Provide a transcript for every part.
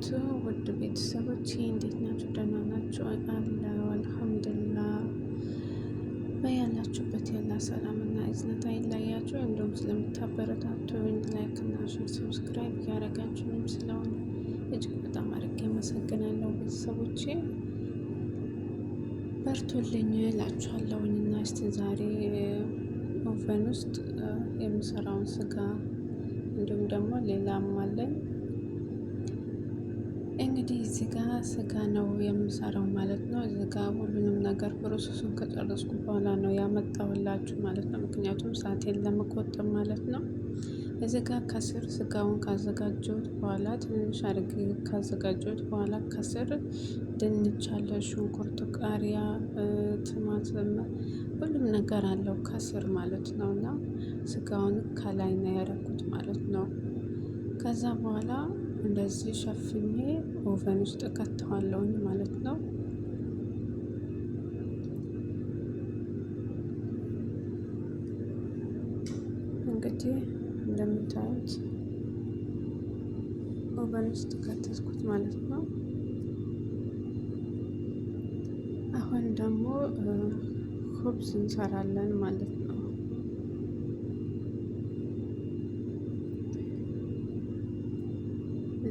ናችሁ ውድ ቤተሰቦች እንዴት ናችሁ? ደህና ናችሁ? አለው አልሐምዱሊላህ። በያላችሁበት ያላ እና እዝነት አይለያችሁ። እንዲሁም ስለምታበረታቱኝ ላይክ እና ሼር ሰብስክራይብ ያደረጋችሁንም ስለሆነ እጅግ በጣም አድርጌ አመሰግናለሁ ቤተሰቦች በርቶልኝ እላችኋለሁኝ እና እስቲ ዛሬ ኦቨን ውስጥ የምሰራውን ስጋ እንዲሁም ደግሞ ሌላም አለኝ እዚህ ጋ ስጋ ነው የምሰራው ማለት ነው። እዚህ ጋ ሁሉንም ነገር ፕሮሰሱን ከጨረስኩ በኋላ ነው ያመጣሁላችሁ ማለት ነው። ምክንያቱም ሳቴን ለመቆጠብ ማለት ነው። እዚህ ጋ ከስር ስጋውን ካዘጋጀሁት በኋላ ትንንሽ አድርጌ ካዘጋጀሁት በኋላ ከስር ድንች አለ፣ ሽንኩርት፣ ቃሪያ፣ ትማትም ሁሉም ነገር አለው ከስር ማለት ነው። እና ስጋውን ከላይ ነው ያደረኩት ማለት ነው። ከዛ በኋላ እንደዚህ ሸፍኜ ኦቨን ውስጥ ከተዋለውኝ ማለት ነው። እንግዲህ እንደምታዩት ኦቨን ውስጥ ከተትኩት ማለት ነው። አሁን ደግሞ ኩብዝ እንሰራለን ማለት ነው።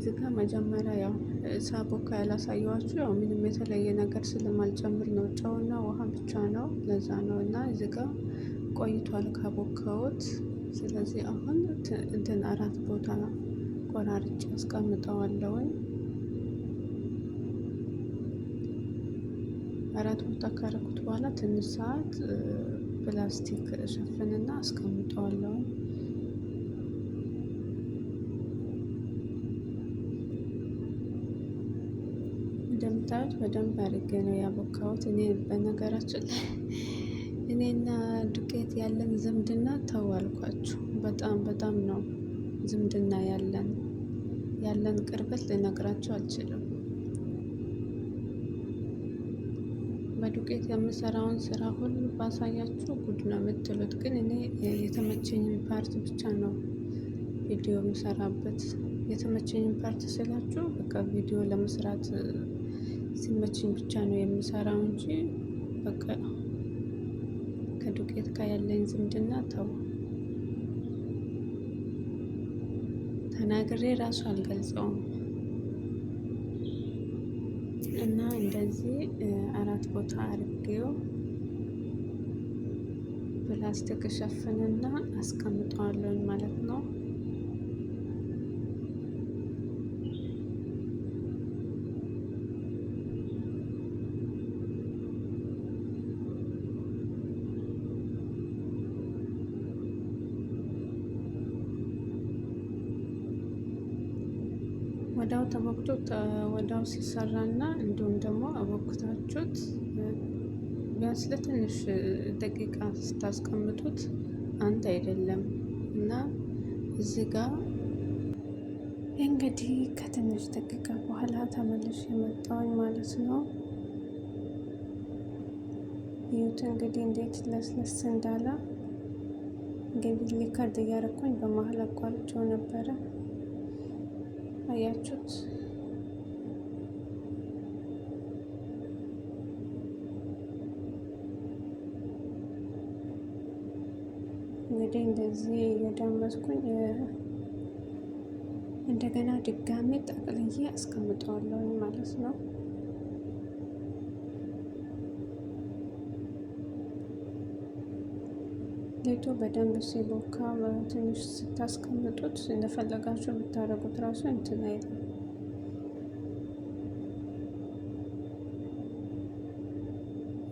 እዚህ ጋር መጀመሪያ ያው ሳቦካ ያላሳየዋችሁ ያው ምንም የተለየ ነገር ስለማልጨምር ነው። ጨውና ውሃ ብቻ ነው፣ ለዛ ነው እና እዚህ ጋር ቆይቷል ካቦካዎት። ስለዚህ አሁን እንትን አራት ቦታ ቆራርጬ አስቀምጠዋለሁኝ። አራት ቦታ ካረኩት በኋላ ትንሽ ሰዓት ፕላስቲክ ሸፍንና አስቀምጠዋለሁኝ። እንደምታዩት በደንብ አድርጌ ነው ያቦካሁት። እኔ በነገራችን ላይ እኔና ዱቄት ያለን ዝምድና ተው አልኳችሁ። በጣም በጣም ነው ዝምድና ያለን ያለን ቅርበት ልነግራችሁ አልችልም። በዱቄት የምሰራውን ስራ ሁሉ ባሳያችሁ ጉድ ነው የምትሉት፣ ግን እኔ የተመቸኝን ፓርት ብቻ ነው ቪዲዮ የምሰራበት። የተመቸኝን ፓርት ስላችሁ በቃ ቪዲዮ ለመስራት ሲመችኝ ብቻ ነው የምሰራው እንጂ በቃ ከዱቄት ጋር ያለኝ ዝምድና ተው ተናግሬ ራሱ አልገልጸውም። እና እንደዚህ አራት ቦታ አድርጌው ፕላስቲክ እሸፍንና አስቀምጠዋለን ማለት ነው። ወዳው ተቦክቶ ወዳው ሲሰራና እንዲሁም ደግሞ አቦክታችሁት ቢያንስ ለትንሽ ደቂቃ ስታስቀምጡት አንድ አይደለም እና እዚህ ጋር እንግዲህ ከትንሽ ደቂቃ በኋላ ተመልሽ የመጣውኝ ማለት ነው። ይሁት እንግዲህ እንዴት ለስለስ እንዳለ እንግዲህ ሊከርድ እያደረኩኝ በመሀል አቋርጬው ነበረ። አያችሁት? እንግዲህ እንደዚህ እየዳመስኩኝ እንደገና ድጋሜ ጠቅልዬ አስቀምጠዋለሁኝ ማለት ነው። ዱቄቱ በደንብ ሲቦካ ትንሽ ስታስቀምጡት እንደፈለጋችሁ ብታደርጉት ራሱ እንትን አይልም።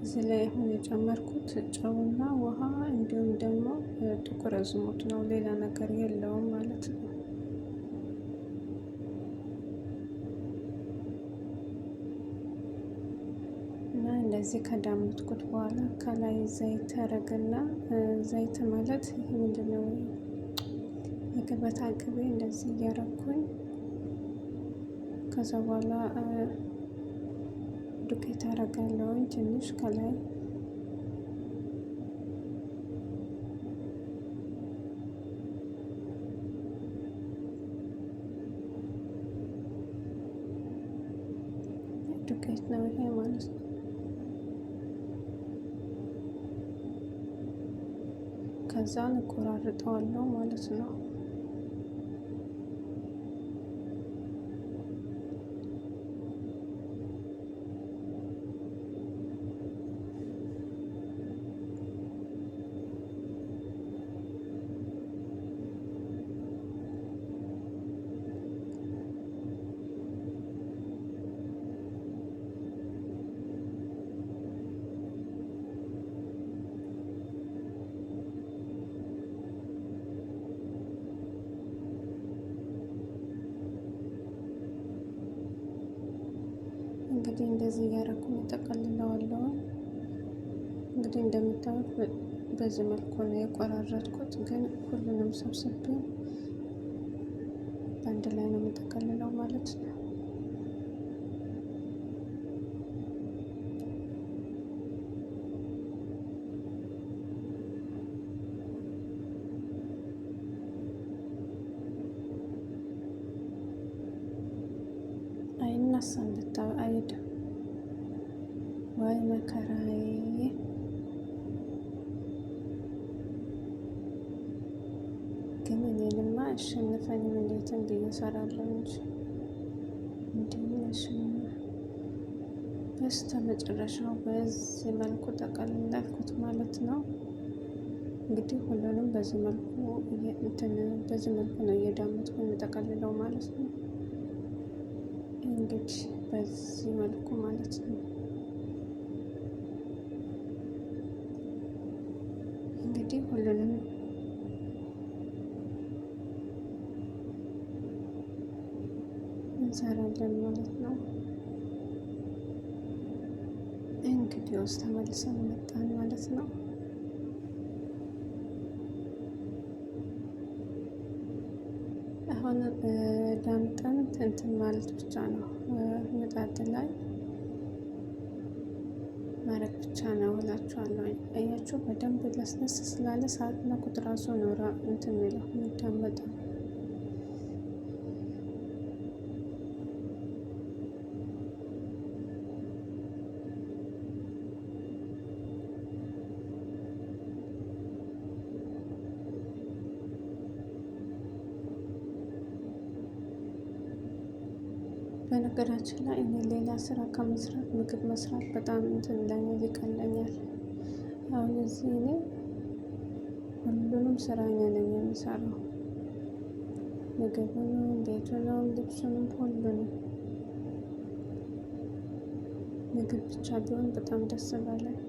እዚህ ላይ አሁን የጨመርኩት ጨውና ውሃ እንዲሁም ደግሞ ጥቁር አዝሙድ ነው። ሌላ ነገር የለውም ማለት ነው። እንደዚህ ከዳመጥኩት በኋላ ከላይ ዘይት አረግና ዘይት ማለት ምንድነው የገበታ ቅቤ እንደዚህ እያረኩኝ ከዛ በኋላ ዱቄት አረጋለሁኝ ትንሽ ከላይ ዱቄት ነው ይሄ ማለት ነው። ከዛን እቆራርጠዋለሁ ማለት ነው። እንግዲህ እንደዚህ እያደረኩ እጠቀልለዋለሁ። እንግዲህ እንደምታዩት በዚህ መልኩ ነው የቆራረጥኩት፣ ግን ሁሉንም ሰብስቤ በአንድ ላይ ነው የምጠቀልለው ማለት ነው። እነሱ እንድታባዕድ ዋይ መከራዬ ግን እኔንማ አሸንፈኝ እንዴትን ብዬ እሰራለሁ እንጂ እንዲነሽና በስተ መጨረሻው በዚህ መልኩ ጠቀለልኩት ማለት ነው። እንግዲህ ሁሉንም በዚህ መልኩ በዚህ መልኩ ነው እየዳመጥኩ የምጠቀልለው ማለት ነው። እንግዲህ በዚህ መልኩ ማለት ነው። እንግዲህ ሁሉንም እንሰራለን ማለት ነው። እንግዲህ ውስጥ ተመልሰን መጣን ማለት ነው። እንትን ማለት ብቻ ነው። ምጣድ ላይ ማድረግ ብቻ ነው እላችኋለሁ። አያችሁ በደንብ ለስለስ ስላለ ሰዓትና ቁጥር ራሱ ነው እንትን የሚለው የሚዳመጠው በነገራችን ላይ እኔ ሌላ ስራ ከመስራት ምግብ መስራት በጣም እንትን ይለኛል ይቀለኛል። አሁን እዚህ እኔ ሁሉንም ስራ እኔ ነኝ የምሰራው። ምግቡንም፣ ቤቱንም፣ ልብሱንም ሁሉንም። ምግብ ብቻ ቢሆን በጣም ደስ ባለኝ።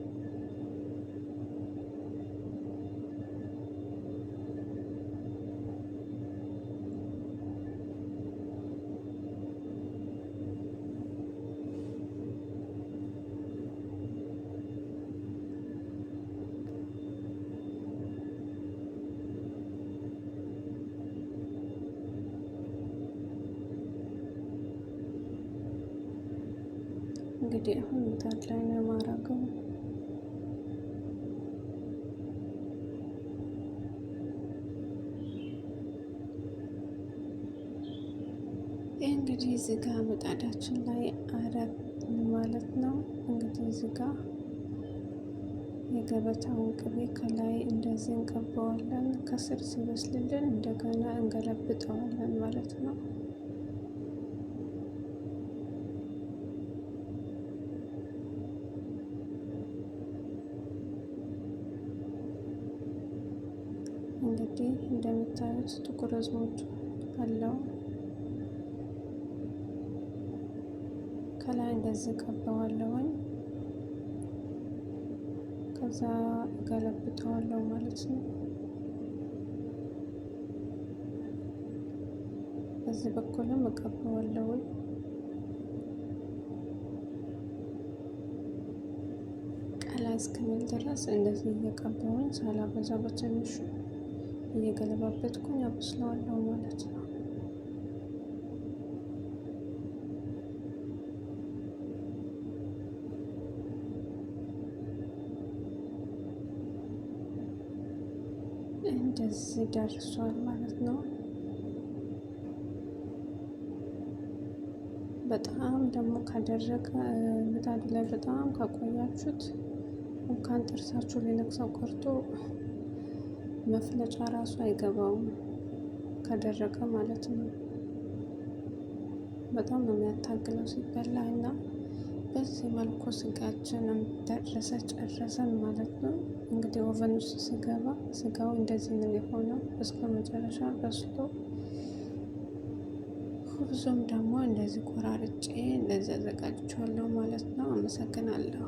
እንግዲህ አሁን ታች ላይ ነው የማረገው። ይህ እንግዲህ ዝጋ ምጣዳችን ላይ አረግን ማለት ነው። እንግዲህ እዚህ ጋ የገበታውን ቅቤ ከላይ እንደዚህ እንቀበዋለን ከስር ሲበስልልን እንደገና እንገለብጠዋለን ማለት ነው። እንደምታዩት ጥቁር አዝሙድ አለው። ከላይ እንደዚህ ቀባዋለሁኝ። ከዛ ገለብጠዋለሁ ማለት ነው። በዚህ በኩልም እቀባዋለሁኝ። ቀላ እስከሚል ድረስ እንደዚህ እየቀባውን ሳላበዛ በትንሹ እየገለባበጥኩኝ አበስለዋለሁ ማለት ነው። እንደዚህ ደርሷል ማለት ነው። በጣም ደግሞ ካደረገ ምጣድ ላይ በጣም ካቆያችሁት እንኳን ጥርሳችሁ ሊነክሰው ቀርቶ መፍለጫ ራሱ አይገባውም ከደረቀ ማለት ነው። በጣም ነው የሚያታግለው ሲበላ እና በዚህ መልኩ ስጋችንም ደረሰ ጨረሰን ማለት ነው። እንግዲህ ኦቨን ውስጥ ስገባ ስጋው እንደዚህ ነው የሆነው። እስከ መጨረሻ በስሎ ሁብዙም ደግሞ እንደዚህ ቆራርጬ እንደዚህ አዘጋጅቻለሁ ማለት ነው። አመሰግናለሁ።